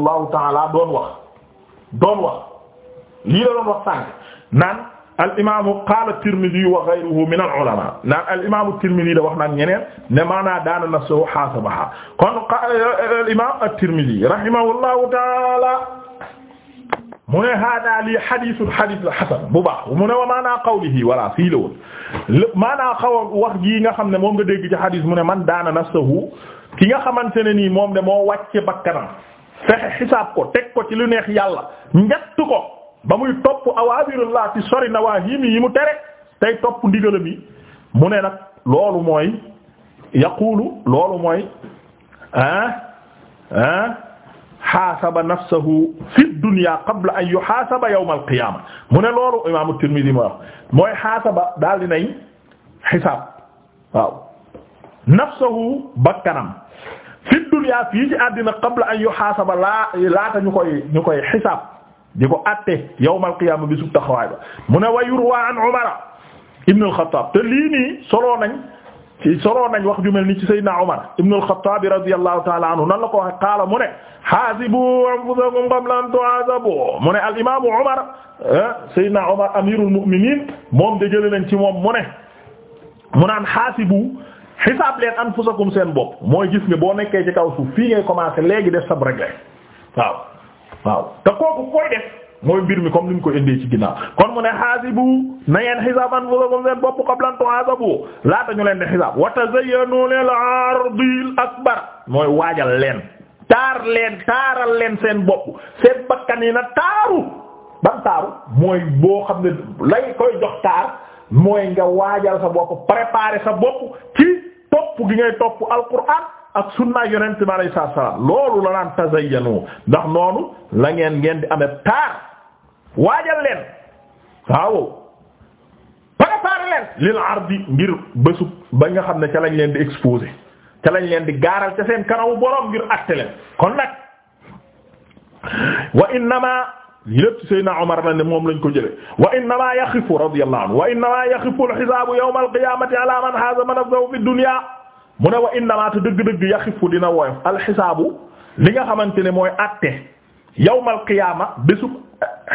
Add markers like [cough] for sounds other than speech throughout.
rahimahullahu taala doon wax doon wax lii la doon wax sànq naan al imaamu qaala Tirmidi wa ghayruhu min al ulama naan al imaamu Tirmidi da wax naan ñeneen ne maanaa daana nafsuhu haasabaha kon al imaam at-Tirmidi rahimahullahu taala mu ne hada lii xadiisul xadiis la xasan bu baax mu ne wa maanaa qawlihi voilà fii la woon maanaa xaw wax jii nga xam ne moom nga dégg ci xadiis mu ne man daana nafsuhu ki nga xamante ne nii moom de moo wàcce bakkanam fexe xisaab ko teg ko ci lu neex yàlla njett ko ba muy topp awaamirullah ci sori nawaahim yi mu tere tey topp ndigalam yi mu ne nag loolu mooy yaqulu loolu mooy ah ah xaasaba nafsahu fi dunya qabla an yuxaasaba yawm al qiyama mu ne loolu imaamu Tirmidi ma wax mooy xaasaba daal dinay xisaab waaw nafsahu bakkanam duniyaa fii ci àddina qabla an yuhaasaba laa laata ñu koy ñu koy xisaab di ko àtte yawmal qiyaama bi sub taxawaay ba mu ne wa yurwaa an Umar ibn al-Khattab te lii nii soloo nañ ci soloo nañ wax ju mel ni ci Seydina Umar ibn al-Khattab radiyallahu ta'ala anhu nan la ko waxee qaala mu ne haasibu anfusakum qabla an tuhasabu mu ne al-imaamu Umar eh, Seydina Umar amirul mu'minin moom dajale nañ ci moom mu ne mu naan haasibu xisaab leen anfusakum seen bopp mooy gis nga boo nekkee ci kaw suuf fii ngay commencer léegi def sab réglé waaw waaw te kooku koy def mooy mbir mi comme ni ñu ko indee ci ginnaaw kon mu ne xaasibu na ngeen xisaab anfusakum seen bopp qabla an tuhasabu laata ñu leen di xisaab wa tazayyanu lil ardil akbar mooy waajal leen taar leen taaral leen seen bopp seen bakkan yi na taaru ban taaru mooy boo xam ne lay koy jox taar mooy nga waajal sa bopp préparer sa bopp topp gi ngay topp alquran ak sunna yonent bi alayhi salaam loolu la naan tazayyanu ndax noonu la ngeen ngeen di amet taar waajal leen waaw préparer leen lil ardi ngir bésub ba nga xam ne ca lañ leen di exposer ca lañ leen di gaaral ca seen kanamu borom ngir àtte leen kon nag wa lépp Seydina Omar la ne moom lañ ko jëlee wa innamaa yaxifu radiyallahu anhu wa innamaa yaxifu al-xisaabu yawmal qiyaamati alaa man haazama nafsahu fi dunya mu ne wa innamaa te dëgg-dëgg yaxifu dina woyof alxisaabu li nga xamante ne mooy àtte yawmal qiyaama bésub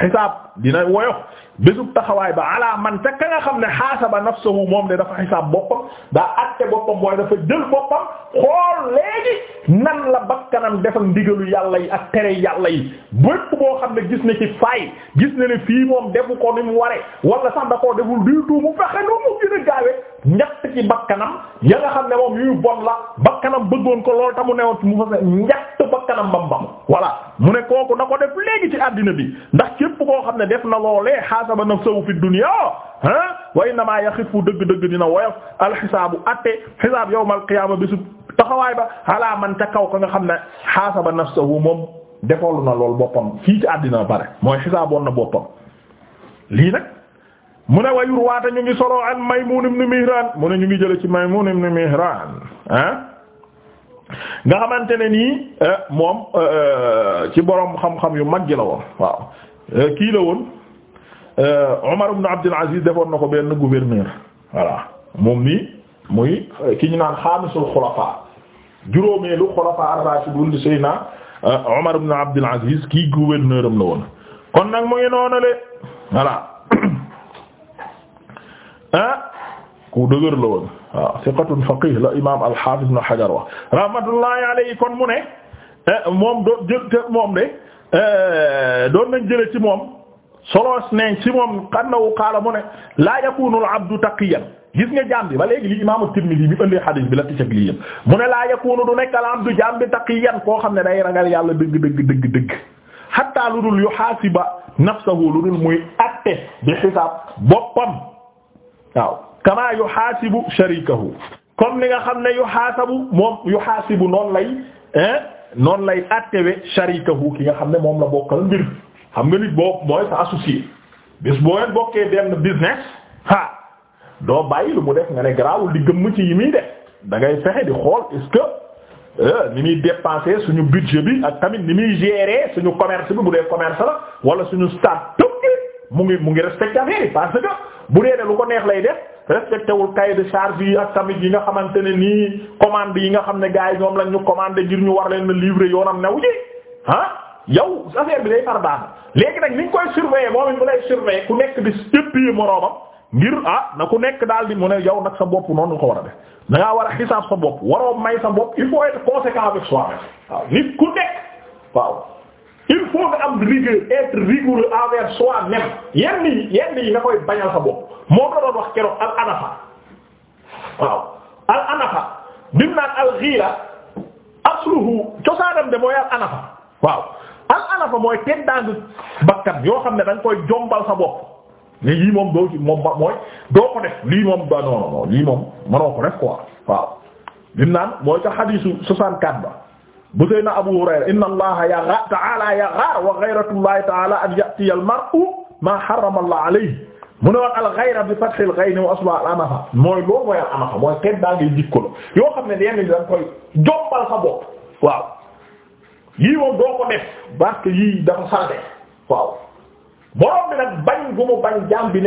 xisaab dina woyof bésub taxawaay ba ala man ca ka nga xam ne xaasaba nafsahu moom de dafa xisaab boppam daa àtte boppam mooy dafa jël boppam xool léegi nan la bakkanam defal ndigalu yàlla yi ak tere yàlla yi bépp boo xam ne gis na ci faay gis na ne fii moom defu ko ni mu waree wala sax da koo deful du tout fexe nu mu gën gaawe ñett ci bakkanam ya nga xam ne moom yuy bon la bakkanam bëggoon ko loolu tamu newoon mu fa ñett bakkanam bam mu ne kooku na ko def léegi ci àddina bi ndax képp koo xam ne def na loolee xaasaba nafsahu fi dunya ah wa innama yaxifu dëgg-dëgg dina woyof alxisaabu atte xisaab yawmal qiyaama bisu taxawaay ba ala man ca kaw ko nga xam ne xaasaba nafsahu moom defoolu na lool boppam fii ci àddina ba pare mooy xisaaboon na boppam lii nag mu ne wayur waata ñu ngi solo an Maymun ibn Mihran mu ne ñu ngi jële ci Maymun ibn Mihran ah nga xamante ne nii eh, moom eh, ci borom xam-xam yu mag ji la woon waaw eh, kii la woon Umar ibn Abdul Aziz defoon na ko benn gouverneur voilà moom nii muy ki ñu naan xaamisul xulafaa juróomeelu xulafaa ar-rashidun di Seydina Umar ibn Abdul Aziz kii gouverneur la woon kon nag mu ngi noonale voilà ah ku dëgër la woon waaw thiqatun faqih la imaam al-Hafiz Ibn Hajar wax rahmatullahi alayhi kon mu ne eh, moom doon jël te moom de eh, doon nañ jële ci moom solos nañ ci moom xannawu xaala mu ne la yakunu al-abdu taqiyan gis nga jaam bi ba léegi li imaam at-Tirmidhi bi ëndee xadiis bi la tëcc ak lii yëpp mu ne la yakunu du nekk al-abdu jaam bi taqiyan koo xam ne day ragal yàlla dëgg dëgg dëgg dëgg hatta lu dul yuhaasiba nafsahu lu dul muy atte bi xisaab boppam waaw kamaa yuhaasibu sharikahu comme ni nga xam ne yuhaasabu moom yuhaasibu noon lay noonu lay attewe sharikahu ki nga xam ne moom la bokkal mbir xam nga nit boo mooy sa associé bis boo leen bokkee benn business ha doo bàyyi lu mu def nga ne garaawul di gëmm ci yi muy def da ngay fexe di xool est-ce que euh, ni muy dépenser suñu budget bi ak tamit ni muy gérer suñu commerce bi bu dee commerce la wala suñu start-up mu ngi mu ngi respecté affaire yi parce que bu dee ne lu ko neex lay de respecté wul cahier de charge yi ak tamit yi nga xamante ne nii commande yi nga xam ne gars yi ñoom lañ ñu commandé ngir ñu war leen livrer yoonam new ji ah yow affaire bi day far baax léegi nag niñ koy surveiller moom it mu lay surveiller ku nekk di éppyi moroomam ngir ah na ku nekk daal di mu ne yow nag sa bopp noonu ko war a def da ngaa war a xisaab sa bopp waroo may sa bopp il faut être conséquent waaw il faut nga am rigueur être rigoureux envers soi-même yenn yi yenn yi nga bopp moo ko doon wax keroog al anafa waaw al anafa bim naan al ghila asluhu cosaanam de mooy al anafa waaw al anafa mooy teddaangu bakkan yoo xam ne dañ koy jombal sa bopp ne lii moom doo ko def lii moom ba non non lii moom mënoo ko def quoi waaw bim naan mooy ca xadiisu 64 ba. bu na Abu Hurayra inna allaha yaghar ta'ala yaghar wa ghayratullahi ta'ala an ya'tiya al ma harrama Allah alayhi mu ne al-ghayra bi fathi al-ghayn wa asla al-anafa mooy loolu mooy al-anafa mooy xeet daa ngay jikko yoo xam ne yenn ñi dañ koy jombal sa bopp waaw yii moom doo ko def parce que yii dafa salte waaw borom bi nag bañ bu mu bañ jaam bi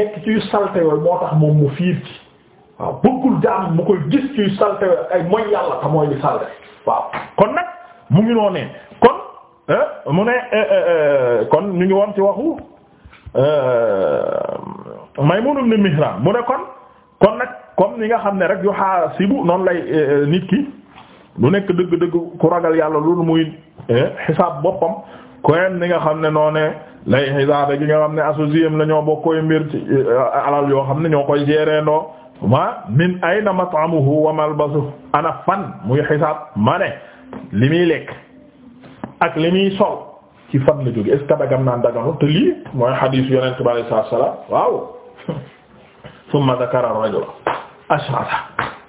salte yooyu moo tax moom mu fiir ci waaw bëggul mu koy gis ci salte yooyu ay mooy yàlla te mooy li salte waaw kon nag mu ngi noonee kon euh, mu ne euh, euh, kon ñu ngi woon ci waxu Maymun ibn Mihran mu ne kon kon nag comme ni nga xam ne rek yu xaasibu noonu lay nit ki du nekk dëgg-dëgg ku ragal yàlla loolu muy xisaab boppam koyeen ni nga xam ne noo ne lay xisaab gi nga xam ne associéem la ñoo bokkoy mbir ci alal yoo xam ne ñoo koy gérer ma min ayna mat'amuhu wa malbasuhu ana fan muy xisaab ma ne li muy lekk ak li muy sol ci fan la jóge est-ce que dagam naan daganu te lii mooy xadiis yonent bi alayhi salaatu wa salaam waaw [laughs] summa dakara ar-rajula ash'atha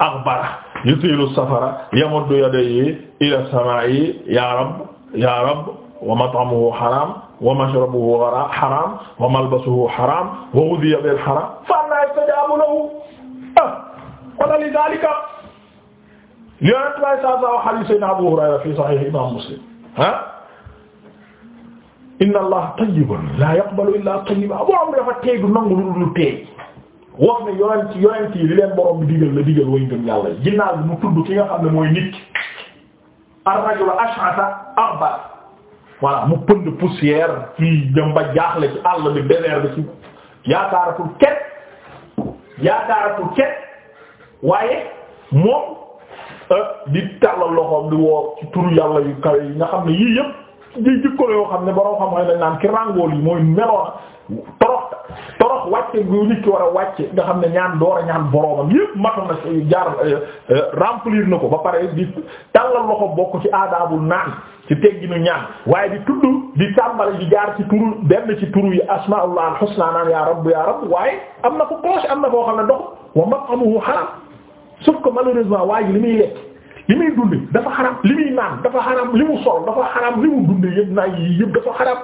aghbara yutilu safara yamuddu yadayhi ila samaa'i ya rab ya rab wa mat'amuhu haram wa mashrabuhu haram wa malbasuhu haram wa ghudhiya bil haram fa anna yastajabu lahu ah, wala li dhalika yonent bay saa saa wax xadiis Seydina Abu Hurayra fi Sahih Imam Muslim ah inna allah tayyibun la yaqbalu illa tayyiba borom dafa teey du nangu lu dul teey wax ne yonent yonent yi li la digal way ngëm yàlla ginnaaw mu tudd ki nga xam ne mooy nit ar-rajulu ash'ata arba voilà mu pënd poussière ci jëm ba jaaxle ci àll bi désert bi ci yaakaaratul kenn yaakaaratul kenn waaye moom di tàllal loxoom di woo ci turu yàlla yu kawe yi nga xam ne yii yëpp di jikko yoo xam ne borom xam-xam dañ naan ki rangool yi mooy meloona torox torox wàcce gu nit ki war a wàcce nga xam ne ñaan door a ñaan boromam yëpp matu na jaar euh, euh, remplir na ko ba pare di tàllal loxo bokk ci aadaabul naan ci tegginu ñaan waaye di tudd di tàmbali di jaar ci turu benn ci turu yi asmaullah al husna naan ya rabb ya waaye am na ko cloche am na koo xam ne dox wa sauf ko malheureusement waa li muy lekk li muy dund dafa xaram li muy naan dafa xaram li mu sol dafa xaram li mu dundee yëpp naa yi dafa xaram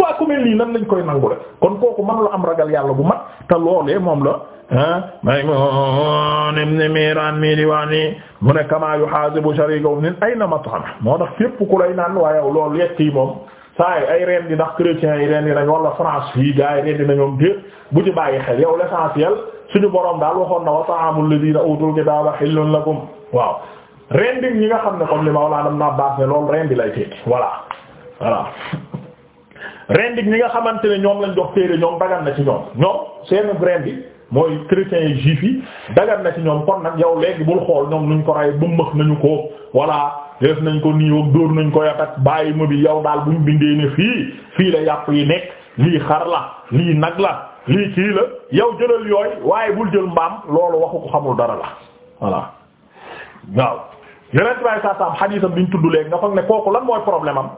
waa ku mel nii nan lañ koy nangu la kon kooku man la am ragal yàlla bu mat te loolee moom la ah Maymuun ah, ibn Mihraan mii di wax nii mu ne kamaa yuhaasibu shariikahu min ayna mat'am moo tax képp ku lay naan waaye loolu lool yi moom saa yi ay reen di ndax chrétiens yi reen di nañ wala France fii gars yi reen di nañoom bu ci bàyyi suñu borom daal waxoon na wa ta'amul ladina utul kitaba hillun ko waaw rendi ñi nga xam ne comme li Mawlana Ibn Abbas ne loolu rendi lay tekki voilà voilà rendi ñi nga xamante ne ñoom lañ jox téere ñoom dagan na ci ñoom ñoom seen rendi mooy chrétiens yi juifs yi dagan na ci ñoom kon nag yow léegi bul xool ñoom nuñ ko rey bëmmax nañu ko voilà def nañ ko nii ak dóor nañ ko yatak bàyyi ma bi yow daal buñ bindee ne fii fii la yàpp yi nekk lii xar nag la lii kii la yow jëlal yooyu waaye bul jël mbaam loolu waxu ko xamul dara la voilà waaw yeneen saa saam xadiisam bi ñu tudd léegi nga foog ne kooku lan mooy problème am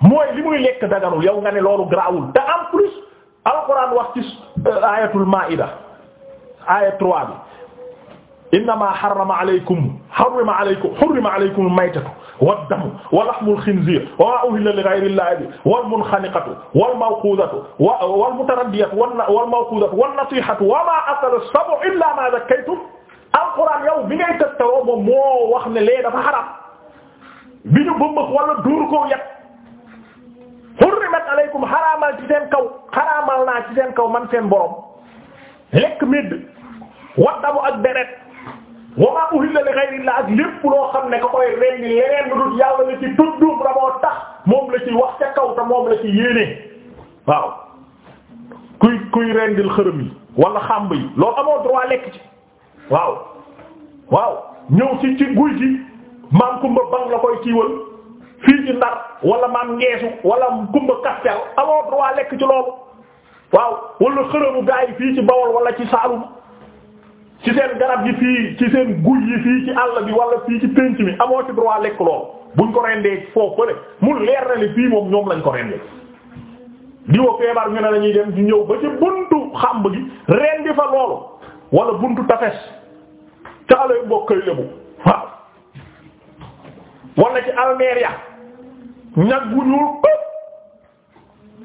mooy li muy lekk daganul yow nga ne loolu grawul te en plus alxuraan wax ci euh, ayatul maida aya 3 bi innama harrama alaykum harrama alaykum harrama alaykum maytatu wa damu wa lahmul xinziir wa maa uhilla li ghayrillahi bi wal munxaniqatu wal mawquudatu wa wal mutaraddiyatu wal mawquudatu wan nasiihatu wa maa akala as-sab'u illaa maa zakkaytum alquran yow bi ngay tëttaloo moom moo wax ne lee dafa xaraam bi ñu bëmbax wala duuru ko yàq hurrimat alaykum xaraamal ci seen kaw xaraamal naa ci seen kaw man seen borom lekk medd wa damu ak deret wa maa uhilla li ghayrillah lépp loo xam ne ko koy rendi leneen lu dul yàlla la ci tuddum la tax moom la ci wax ca kaw te moom la ci yéene waaw kuy kuy rendil xërëm yi wala xàmb yi loolu amoo droit lekk ci ci ci guy gi maam kumba bang la ci ndar wala maam ngeesu wala kumba kastel amoo lekk ci loolu waaw wala xërëmu gaa yi fii ci bawol wala ci saalum ci seen garab yi fii ci seen guy yi fii ci àll bi wala fii ci pénc mi amoo ci droit lekk lool buñ ko rendee foofu fële mu leer na ne fii moom ñoom lañ ko rendee di woo feebar ñu ne la dem di ñëw ba ci buntu xàmb gi rendi fa loolu wala buntu tafes ca alay mbokkay lébu waaw wala ci almeria ñag gu ñuul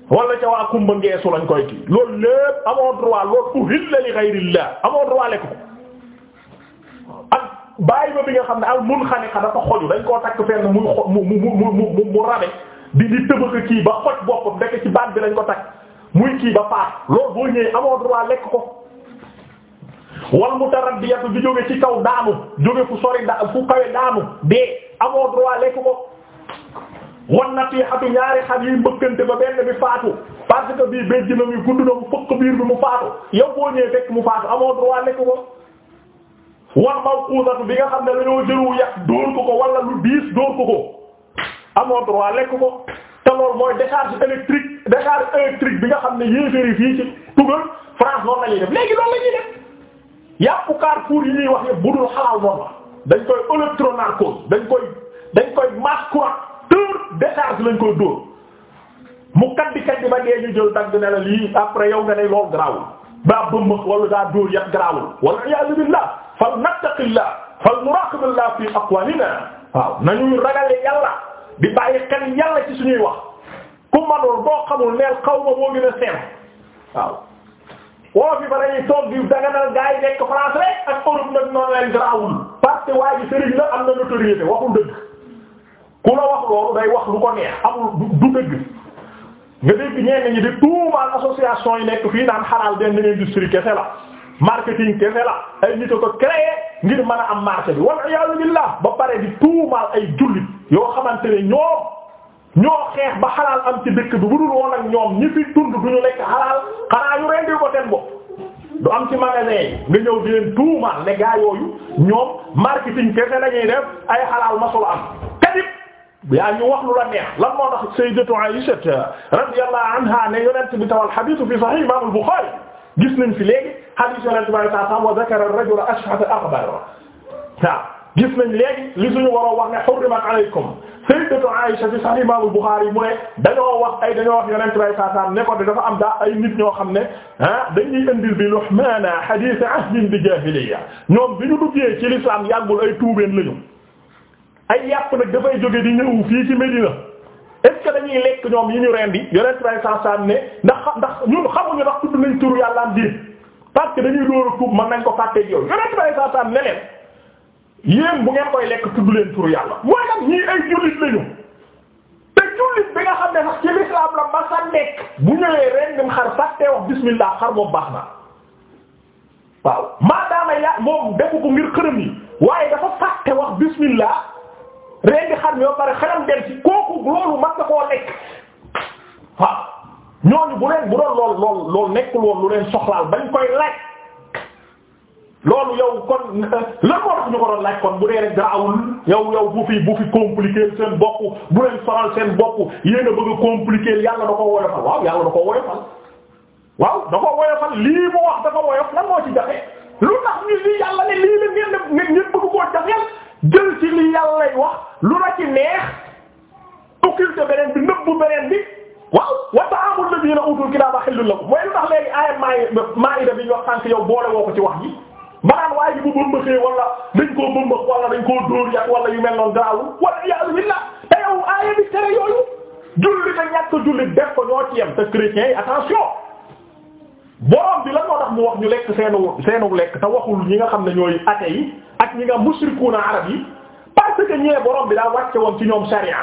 wala ca waa kumba ngeesu lañ koy kii loolu lépp amoo droit loolu uhilla li ghayrillah amoo droit lekk ko ak bàyyi ba bi nga xam ne al munxaniqa dafa xoju dañ koo takk fenn muy xo mu mu mu mu mu rabe di di tëbëk kii ba xoj boppam dekk ci baat bi lañ ko takk muy kii ba paas loolu boo ñëwee amoo lekk ko. wal mutaraddiyatu di jóge ci kaw daanu jóge fu sori daanu dee amoo droit lekk ko. wan natiixatu ñaari xar yi mbëkkante ba benn bi faatu parce que bii béjj na muy gudd na mu fëkk biir bi mu faatu yow boo ñëwee fekk mu faatu amoo droit lekk ko wan mawquudatu bi nga xam ne dañoo jëru yàq dóor ko ko wala lu diis dóor ko ko amoo droit lekk ko te loolu mooy décharge électrique décharge électrique bi nga xam ne yéeféri fii ci tugal France noonu la ñuy def léegi loolu la ñuy def yàppu Carrefour yi ñuy wax yëpp budul xalaal noonu la dañ koy électronarcose dañ koy dañ koy masque teur décharge lañ koy dóor mu kaddi kaddi ba dee ñu jël dagg ne la lii après yow nga ne lool garaawul ba bëmmax wala daa dóor yat garaawul wala iyaazu billah fal nattaqillah fal muraqabillah fi aqwalina waaw nañuy ragale yàlla di bàyyi xel yàlla ci suñuy wax ku manoon boo xamul neel xaw ma boo gën a seem waaw woo fi ba dañuy toog di daganal gars yi nekk France rek ak Europe nag noonu leen garaawul waa ji sëriñ la am na notoriété waxul dëgg loolu day wax lu ko neex amul du dëgg nga dégg ñenn ñi di tuumaal association yi nekk fii daan xalaal benn industrie kese la marketing kese la ay nit a ko créé ngir mën a am marché bi wal iyaazu billah ba pare di tuumaal ay jullit yoo xamante ne ñoom ñoo xeex ba dëkk bi bu dul woon ak ñoom ñi fi dund ñu lekk xalaal xanaa yu am ci nga ñëw di leen yooyu ñoom marketing kese la ñuy ay xalaal masul am kadib yaa ñu wax lu la neex lan moo tax sayyidatu Aisha radiyallahu anha ne yonent bi tawal hadith fi sahih imam al-Bukhari gis nañ fi léegi hadith yonent bi sallallahu alayhi wasallam wa dhakara ar-rajula ash'atha aghbar waaw gis nañ léegi li suñu waroo wax ne hurrimat alaykum sayyidatu Aisha fi sahih imam al-Bukhari mu ne dañoo wax ay dañoo wax yonent bi sallallahu alayhi wasallam ne ko dafa am daa ay nit ñoo xam ne ah dañuy indil bi luhmana hadith ahdin bi jahiliya ñoom bi ñu duggee ci l'islam yàggul ay tuubeen lañu ay yàpp nag dafay jóge di ñëw fii ci Medina est dañuy lekk ñoom yi ñu rendi yonent bay saasaam ne ndax ndax ñun xamuñu ndax tudd nañ tur yàlla diir parce que dañuy dóor a tuub nañ ko fàtteeg yow yonent bay saasaam ne leen yéen bu ngeen koy lekk tudd leen turu yàlla mooy nag ñii ay jullit lañu te jullit bi nga xam ne sax ci l'islam la ba sa nekk bu ñëwee rendim xar fàttee wax bismillah xar boobu baax na waaw maadaama ya moom defu ko ngir xërëm yi dafa fàtte wax bismillah rendi xar mi ba pare xaram dem ci kooku loolu mën nga koo lekk waaw ñooñu bu leen bu doon lool lool loolu nekkul woon lu leen soxlaal bañ koy laaj loolu yow kon lan moo tax ñu ko doon laaj kon bu dee rek garawul yow yow bu fi bu fi compliquer seen bopp bu leen soral seen bopp yéen a bëgg a compliquer yàlla da ko woyofal waaw yàlla da ko woyofal waaw da ko woyofal lii mu wax da ko woyof lan moo ci jafe lu tax ñu lii yàlla ne lii la ngeen ne ngeen bëgg koo jafeel jël ci li yàlla lay wax lu la ci neex occulte beneen bi nëbbu beneen bi waaw wa ta'amul ladina utul kitaba halal lakum mooy lu tax léegi aaya a bi ñu wax sànk yow boole woo ko ci wax ji maanaam waaye ji bu bëmbaxee wala dañ koo bëmbax wala dañ koo dóor yàq wala yu mel noonu garaawul wala iyaazu billah te yow aaya bi tere yooyu a te ñàkk julli def ko ñoo ci yem te chrétiens yi attention borom bi la tax mu wax ñu lekk seenu seenu lekk te waxul ñi nga xam ne ñooy athée yi ak ñi nga musrikuuna arab parce que ñee borom bi daa wàcce woon ci ñoom sharia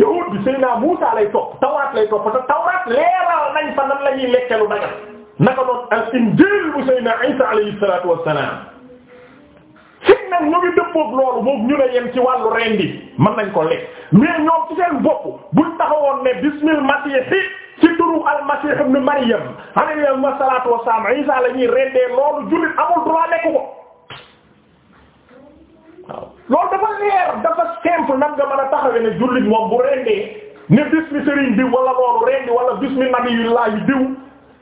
yahuud bi Seydina Muusaa lay topp tawraat lay topp te tawraat leeral nañ fa nan la ñuy lekkelu dagal naka doon al injiil bu Seydina Isaa alayhi salaatu wassalaam fii nag ñu ngi dëppook loolu moom ñu yem ci wàllu rendi mën nañ ko lekk mais ñoom ci seen bopp buñ taxawoon ne bismil masiixi ci turu al masiix ibn Maryam alayhi salaatu wassalaam Isaa la ñuy rendee loolu jullit amul droit lekk ko waaw loolu dafa leer dafa simple nag nga mën a taxawe ne jullit moom bu rendee ne bismi sëriñ diw wala loolu rendi wala bismi nabiyullahi diw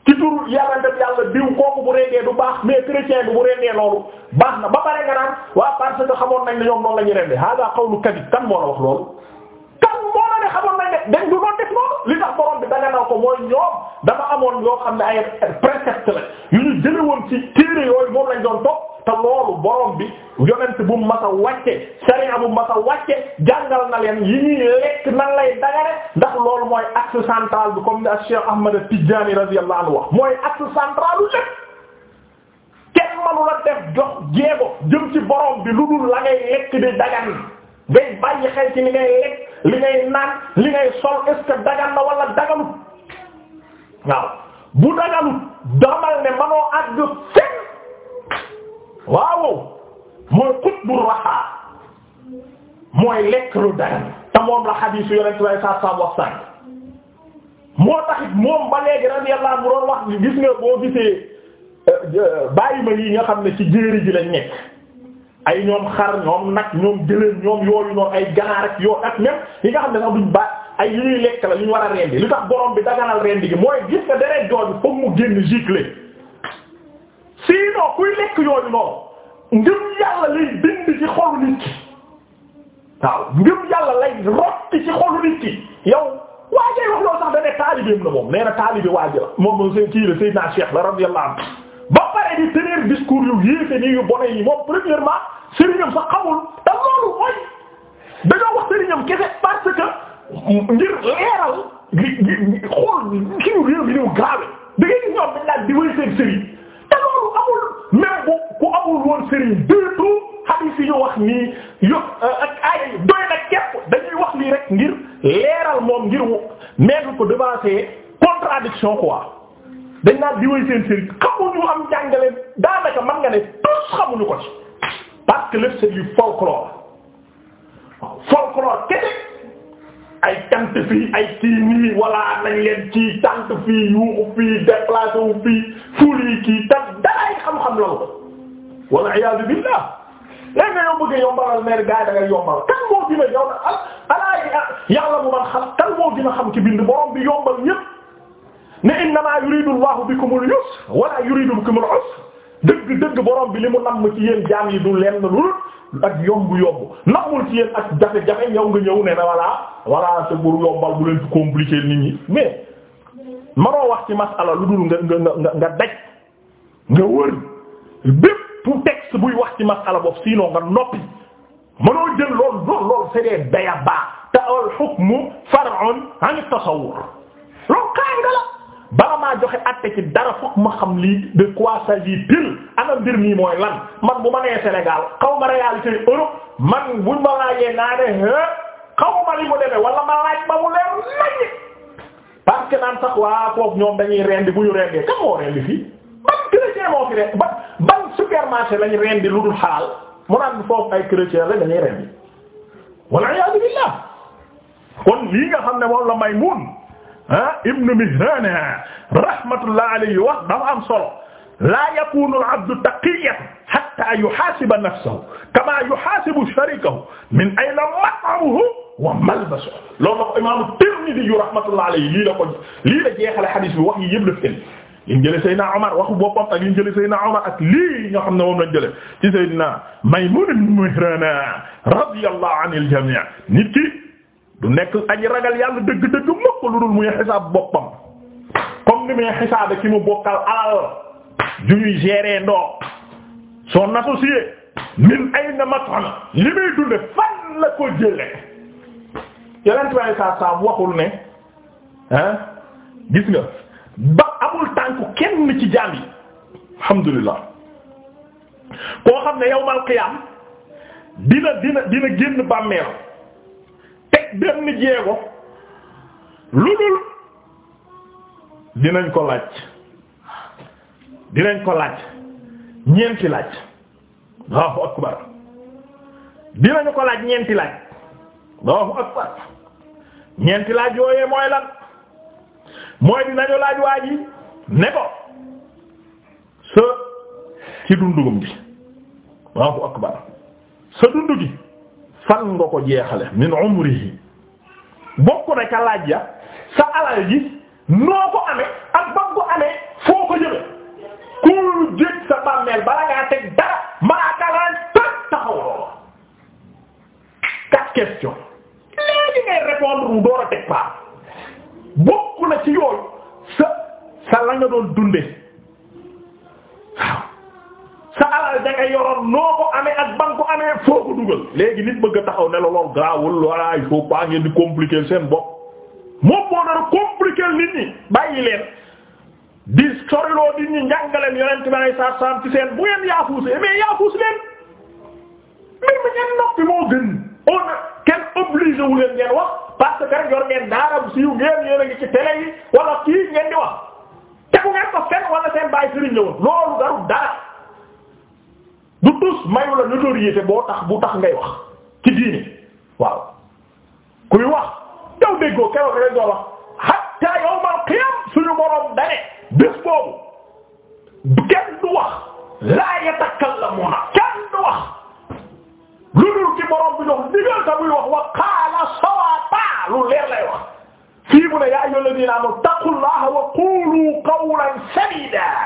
ci tur yàllante yàlla diw kooku bu rendee du baax mais chrétien bi bu rendee loolu baax na ba pare nga naan waa parce que xamoon nañ ne ñoom noonu la ñuy rendee hada qawlu kadib kan moo la wax loolu ne xamoon nañ ne dañ du doon def li tax borom bi daganal ko mooy ñoom dafa amoon yoo xam ne ay précepte la yu ñu jële woon ci téere yooyu moom lañ doon topp te loolu borom bi yonent bu mas a wàcce bu mas a wàcce jàngal na leen yi ñuy lekk nan lay dagare ndax loolu mooy axe central bi comme ni ak Cheikh Ahmad Tidjani radiyallahu anhu wax mooy axe central lu lépp kenn manu la def jox jéego jëm ci borom bi lu dul la ngay lekk dagan ngay bàyyi xel ci li ngay li ngay naan li ngay sol est dagan na wala daganut waaw bu daganut damal ne manoo àgg fekk waaw mooy qutbu raha mooy lekk lu dagan te moom la xadiis yonent way sa sa wax sànq moo taxit moom ba léegi radiyallahu bu doon wax gis nga boo gisee euh, bàyyi ma yi nga xam ne ci jéeri ji lañ nekk ay ñoom xar ñoom nag ñoom jëleen ñoom yooyu noonu ay ganaar ak yoo ak même yi nga xam ne sax baax ay yu ñuy lekk la yu ñu war a rendi li tax borom bi daganal rendi gi mooy gis nga deret jooju foog mu génn gicle sinon kuy lekk yooyu noonu ngëm yàlla lay bind ci xolu nit ki waaw ngëm yàlla lay rotti ci xolu nit ki yow waajay wax loolu sax da ne taalibeem la moom nee na taalibe waaji la moom moom seen la Seydina Cheikh la ba pare di tenir discours yu yéefe nii yu bone yi moom premièrement sëriñam sax xamul te loolu dañoo wax sëriñam kese parce ngir leeral li li xool kii yu réew mi ñëw grave da ngay gis ñoom dañ laa diwee sëriñ te amul même ku amul woon sëriñ surtout hadith yi ñu wax nii yo euh, ay doy na képp dañuy wax lii rek ngir leeral moom ngir mettre ko devancer contradiction quoi dañ naan di wéy seen sëriñ xamuñu am jàngale daanaka man nga ne tous xamuñu ko ci parce que lépp c'est du folklore folklore kese ay tant fii ay kii nii wala nañ leen kii tant fii yuuxu fii déplacé wu fii fuul yi kii tam daraay xam wala iyaadu billah léegi nga yow bëgg yombalal meer gaa yi da ngay yombal kan moo dina yow na ah alaa ya'lamu man xalaq kan ci bind borom bi yombal ñépp. ne innamaa yuridu Allahu bikumul yusra wala yuridu bikumul usra dëgg dëgg borom bi li mu namm ci yéen jaam yi du lenn lu ak yomb yomb nammul ci yéen ak jafe-jafe ñëw nga ñëw ne na voilà voilà c'est pour yombal bu leen compliquer nit ñi mais wax ci masala lu dul nga nga nga nga daj nga wër bépp texte buy wax ci masala boobu sinon nga noppi mënoo jël lool lool lool c'est des dayaba te al hukmu 'an at-tasawwur loolu nga la bala maa joxe àtte ci dara foog ma xam lii de quoi s'agit-il ana mbir mi mooy lan man bu ma nee Sénégal xaw ma réalité Europe man buñ ma laajee naa ne xaw ma li mu demee wala ma laaj ba mu leer naññ. parce naan sax waa foofu ñoom dañuy rendi bu ñu rendee kan moo rendi fii ban chrétien moo fi rendi ban ban supermarché rendi lu dul xalaal mu naan foofu ay chrétien la dañuy rendi walla iyaazu billaah kon lii nga xam ne moom la Maymuun ah ibnu Mihraana rahmatullah alayhi wax dafa am solo laa yakunu al-abdu taqiyyan hatta yuhaasiba nafsahu kama yuhaasibu sharikahu min ayna mat'amuhu wa malbasuhu loolu la ko imaamu Tirmidi rahmatullah alayhi lii la ko lii la jeexale xadiis bi wax yi yëpp la fi li jële Seydina Omar waxu boppam ak li jële Seydina Omar ak lii ñoo xam ne moom lañ jële ci Seydina Maymuun Mihraana radiyallahu anil jamii' nit ki du nekk aji ragal yàlla dëgg-dëgg mukk lu dul muy xisaab boppam comme ni muy xisaabe ci mu bokkal alal ju ñuy gérer ndoo son associé min ay na matana li muy dunde fan la ko jële yeneen waaye saa saa waxul ne ah gis nga ba amul tànku kenn ci jaam alhamdulillah koo xam ne yawmal qiyaam dina dina dina génn bàmmeeru benn jéego lu dul dinañ ko laaj dinañ ko laaj ñeenti laaj Allahu akbar dinañu ko laaj ñeenti laaj Allahu akbar ñeenti laaj yooyee mooy la mooy dinañu laaj waa ji ne ko sa ci dundugum gi Allahu akbar sa dundu fan nga ko jeexale min umrihi bokk na ca laaj ya sa alal ji noo ko amee ak ba ko amee foo ko jëme kul jég sa bàmmeel bala ngaa teg dara maakalaan tëj taxaw loolu quatre questions léegi ngay répondre wu door a teg paa bokk na ci yooyu sa sa la nga doon dunde sa alal da nga yoroon noo ko amee ak ban ko amee foo ko dugal léegi nit bëgg a taxaw ne la lool garaawul voilà il ngeen di compliquer seen bopp moom moo dara compliquer nit ñi bàyyi leen di soriloo nit ñi njàngaleen yonent ba ay saat saam ci seen bu ngeen yaafuusee eh, mais yaafuus leen mbir mi ngeen noppi moo gën on kenn obligé wu ngeen wax parce que rek yor ngeen daara bu siiw ngeen yéen a ci télé yi wala kii ngeen di wax tegu ngeen ko fenn wala seen du tus mayu la notoriété boo tax bu tax ngay wax ci diini waaw kuy wax yow déggoo keroog rek doo wax hatta yawmal qiyam suñu borom dane bés boobu kenn wax laa yatakallamuna kenn du wax lu dul ci borom bi jox digal ta muy wax wa qaala sawaba lu leer lay wax fii mu ne yaa ayyuhal ladina amanu taqullaha wa qulu qawlan sadida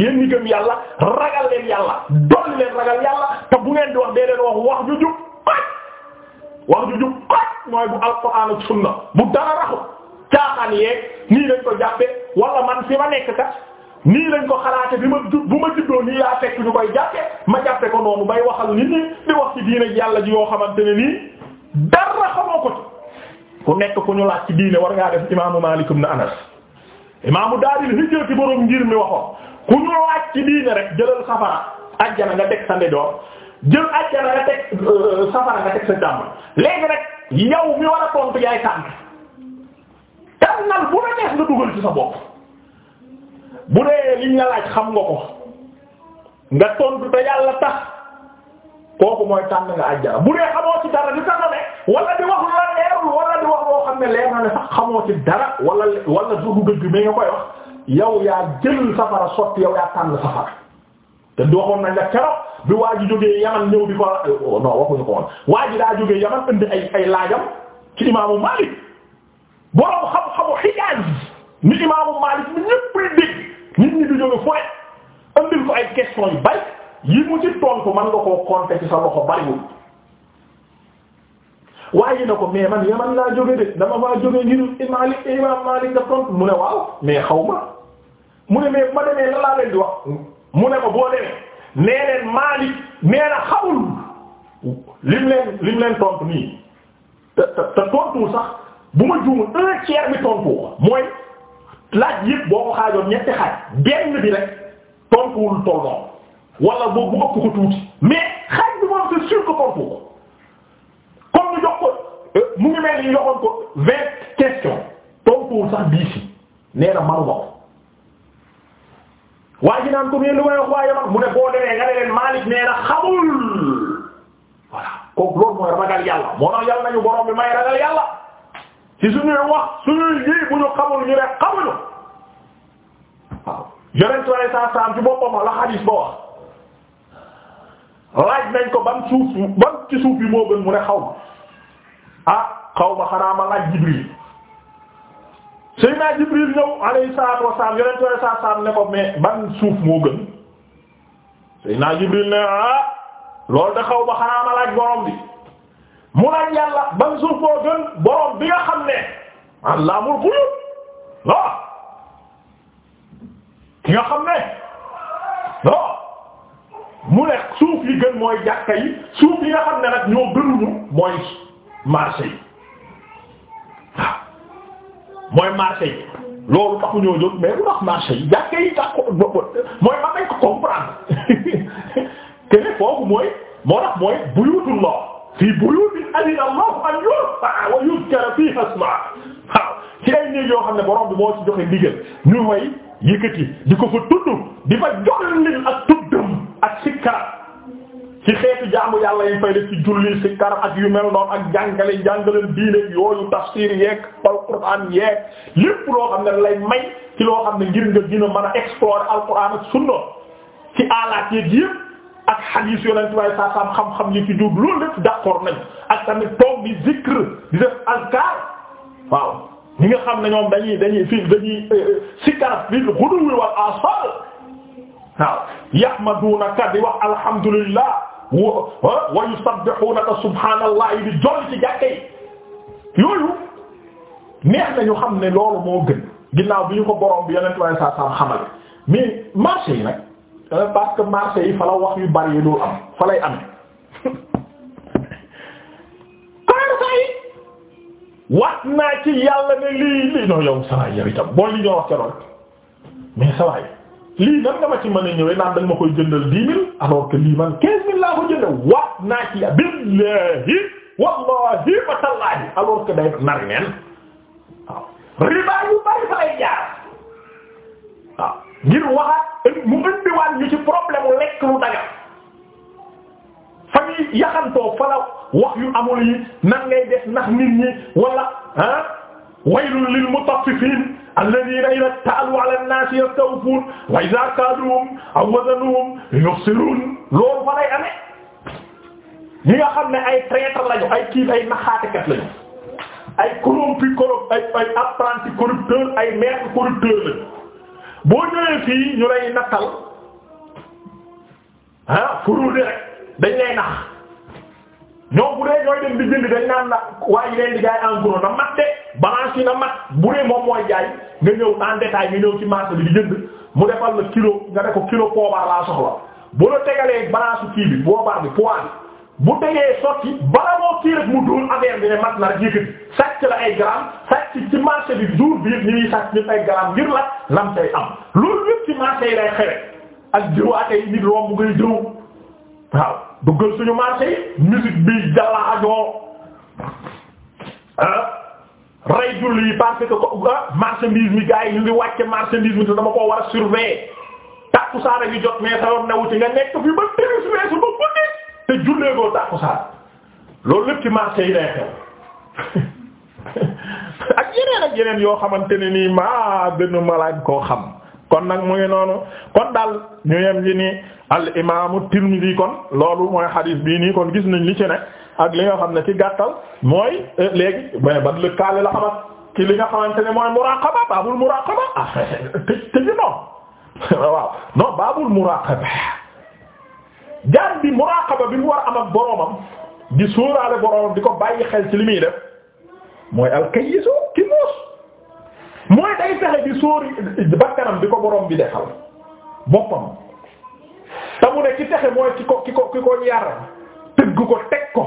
yéen ñi gëm yàlla ragal leen yàlla dolli leen ragal yàlla te bu ngeen di wax dee leen wax wax ju jub xoj wax ju jub xoj mooy bu alxuraan sunna bu dara raxu caaxaan yeeg nii lañ ko jàppe wala man fi ma nekk kat nii lañ ko xalaate bi ma jub bu ma juddoo nii laa fekk ñu koy jàppe ma jàppe ko noonu bay waxal nit ñi di wax ci diine yàlla ji yoo xamante ne nii dara xamoo ko ci ku nekk ku ñu laaj ci diine war ngaa def imaamu Maalik ibn Anas imaamu daaril ku ñu laaj ci diine rek jëlal safara ajjana nga teg sa ndejoor jël ajjana nga teg euh, safara nga teg sa jàmm léegi rek yow mi war a tontu yaay tànn tànnal bu la neex nga ci sa bopp bu dee liñ la laaj xam nga ko nga tontu te yàlla tax kooku mooy tànn nga ajjana bu dee xamoo ci dara di tànn ne wala di wax la leerul wala di wax loo xam ne leer na ne sax xamoo ci dara wala wala du dëgg mais nga koy wax. yow yaa jël safara sotti yow yaa tànn safara te doxoon nañ la keroog bi waa ji jógee yaman ñëw di ko euh, oh, non waxuñu ko woon waa daa jógee yaman indi ay laajam ci imaamu Maalik borom xam-xamu Hijaaz ni imaamu Maalik ni ñëpp di nit ñi di jóge fu indil ko ay question yu bari yi mu ci tontu mën nga koo compter ci sa loxo bariwul. waaye na ko mais man yaman laa jóge de dama faa jóge ngir imaali imam Maalik nga tontu mu ne waaw mais xaw ma mu ne mais ma demee lan laa di wax mu ne ma boo demee nee leen Maalik nee na xawul lim leen lim leen tontu nii te te tontuwul sax bu ma juuma un tiers bi tontu mooy laaj yëpp boo ko xaajoon ñetti xaaj benn bi rek tontuwul tolloo wala boobu bu ëpp ko tuuti mais xaaj bi moom c'est sûr que tontu ko. mel ni yoxoon ko vingt questions tontuwul sax bii si nee na manu ma ko waa ji naan ko nee lu waaye man mu ne boo demee nga ne leen Maalik nee na xamul voilà kooku loolu mooy ragal yàlla moo tax yàlla nañu borom bi may ragal yàlla ci suñuy wax suñuy ji bu ñu xamul ñu ne xamuñu waaw yeneen trois cent cent ci boppam la xadiis ba wax laaj nañ ko ban suuf ban ci suuf bi moo gën mu ne xaw ah xaw ma xanaa ma laaj Jibril Seydina Jibril ñëw alayhi salaatu wa salaam yonent ne ko mais ban suuf moo gën Seydina Jibril ne ah loolu da xaw ma xanaa ma laaj borom bi mu laaj yàlla ban suuf moo gën borom bi nga xam ne allaamul xuyuub non ki nga xam ne non mu ne suuf yi gën mooy jàkka yi suuf yi nga xam ne nag ñoo gënuñu mooy marché yi. mooy marché yi loolu taxu ñoo jóg mais lu tax marché yi jàkkee mooy man nañ ko comprendre [laughs] mooy moo tax mooy buyutullah fii buyutin adina Allahu an yurfa'a wa yuzkara fiha ismuhu waaw ci ay néeg yoo xam ne bi moo ci joxe ndigal ñu way yëkkati di ko fa tudd di fa jox leen ak tuddam ak ci xeetu jaamu yàlla yi fay def ci julli ci kar ak yu mel noonu ak jàngale jàngaleen diine yooyu tafsir yeeg alquran yeeg lépp loo xam ne lay may ci loo xam ne ngir nga dina mën a explorer alquran ak sunna ci alaat yeeg yëpp ak hadith yonent waaye saa saam xam-xam yi ci jub loolu lépp d'accord nañ ak tamit toog di zikr di def azkar waaw ñi nga xam ne ñoom dañuy dañuy fi dañuy euh, euh, sikkar bil ghudu wal asal waaw yahmadunaka di wax alhamdulillah wa yusabbihuunaka subhaanallahi di jolli ci jàkke yi yooyu neex nañu xam ne loolu moo gën ginnaaw bi ñu ko borom bi yeneen waaye saa saam xamale mais marché yi nag euh, parce que yi fa la wax yu bari yi dul am fa lay amee [laughs] commerçant yi wax naa ci yàlla ne lii lii non yow saa yi yow itam boo li ñoo wax ca loolu mais saa yi lii nan nga ma ci mën a ñëwee naan da ma koy jëndal dix mille alors lii man quinze mille laa ko jënde waat naa ci billahi wallahi wa tallahi alors que day nar neen waaw yu bari fa lay jaar waaw ngir waxaat mu indiwaat ñu ci problème lekk lu daga fa ñuy yaxantoo fa la wax yu amul yi nan ngay def ndax nit ñi wala ah lil mutaffifin alladhina idha ta'alu 'ala an-nasi yastawfun wa idha kaduhum aw wazanuhum yukhsirun loolu fa lay amee ñi nga xam ne ay traître lañu ay kii ay naxaatekat lañu ay corrompu corrompu ay ay apprenti corrupteur ay maître corrupteur lañu boo ñëwee fii ñu lay nattal ah furu rek dañ lay nax. ñoom bu dee ñooy dem di jënd dañ naan la waaye leen di jaay en na mat de na mat bu dee moom mooy jaay nga ñëw en détail nga ñëw ci marché bi di jënd mu defal la kilo nga ne ko kilo poobar laa soxla bu la tegalee balance kii bi poobar bi poids bi bu tegee sotti bala moo kii rek mu dóor affaire bi ne mat na rek yëkkati la ay grammes sàcc ci marché bi jour bi yëpp ñu ngi sàcc ñëpp ay grammes ngir la lam tay am loolu yëpp ci marché yi lay xewe ak jëwaate yi nit romb ngay jëw waaw duggal suñu marché yi musique bi jàllaajoo ah rey julli yi parce que ko ah, marchandise mi gars yi ñu ngi wàcce marchandise mi te dama koo war a surveiller tàkkusaan yu jot mais yoon newu nga nekk fi ba tiris weesu ba guddi te jullee koo tàkkusaan loolu lépp ci marché yi day [laughs] ak yeneen ak yeneen yoo xamante ne nii maa benn malaaj koo xam kon nag mu ngi noonu kon daal ñu yem ji ni al imaamu Tirmidhi loolu mooy xadiis bii nii kon gis nañ li ci ne ak li nga xam ne ci gàttal mooy eh, léegi mais ban lëkkaale la xamat ci li nga xamante ne mooy muraqaba baabul muraqaba ah te te ñu waaw non baabul muraqaba jaar bi muraqaba bi mu war a am ak boromam di sóoraale boromam di ko bàyyi xel ci li muy def mooy al kayyisu ki muus mooy day fexe di sóori bakkanam di ko borom bi defal boppam te mu ne ki texe mooy ki ko ki ko yar tëgg ko teg ko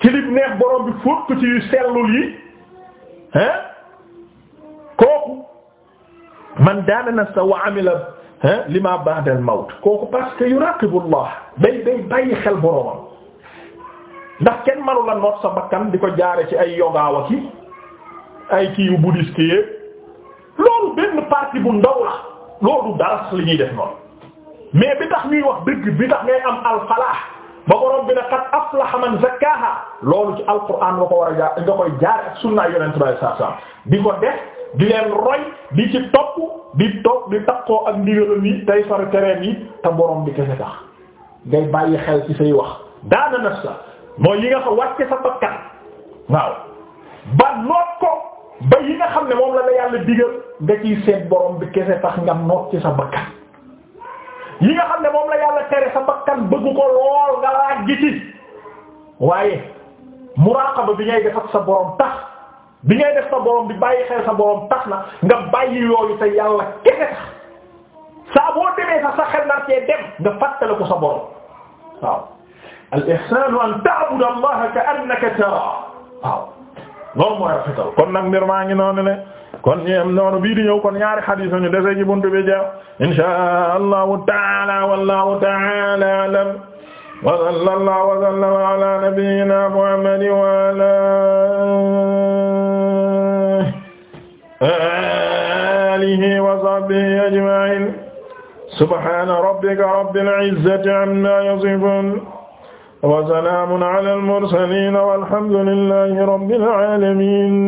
ci li neex borom bi fóot ko ci yu sellul kooku man daana nafsa wa amila hein lima ba'da al mawt kooku parce que yuraqibu Allah day day bàyyi xel boromam ndax kenn manu la noot sa bakkan di ko jaare ci ay yogaawa ay kii yu bouddhiste loolu benn partie bu ndaw la loolu dara li ñuy def noonu mais bi tax ñuy wax dëgg bi tax ngay am alfalaah ba borom bi na qad aflaha man zakkaaha loolu ci alquran nga ko war a jaar nga koy jaar ak sunna yonent bi sallallahu alayhi wasallam di ko def di leen roy di ci topp di topp di takkoo ak ndigalam yi tey sori terrain yi te borom bi kese tax ngay bàyyi xel ci say wax daana nafsa mooy yi nga fa wàcce sa bakkan waaw ba noot ko. ba yi nga xam ne moom la la yàlla digal nga ciy seet borom bi kese tax nga noot ci sa bakkan yi nga xam ne moom la yàlla tere sa bakkan bëgg ko lool nga laaj gi ci waaye muraqaba bi ngay def ak sa borom tax bi ngay def sa borom bi bàyyi xel sa borom tax na nga bàyyi yooyu te yàlla kese tax saa boo demee sax sa xel nar cee dem nga fàttale ko sa borom waaw al ihsanu an ta'budu allaha ka'annaka tara loolu mooy rafetal kon nag mbir maa ngi noonu ne kon ñeem noonu bii di ñëw kon ñaari xadiis ñu dese ci buntu bi jeex inshaa allahu taala wallahu taala alam wa sallallahu wa sallama ala nabiyyina muhammad wa ala alihi wa sahbihi ajma'in subhana rabbika rabbil izzati amma yasifun wa salaamun ala al-mursaliin walhamdu lillahi rabbil aalamiin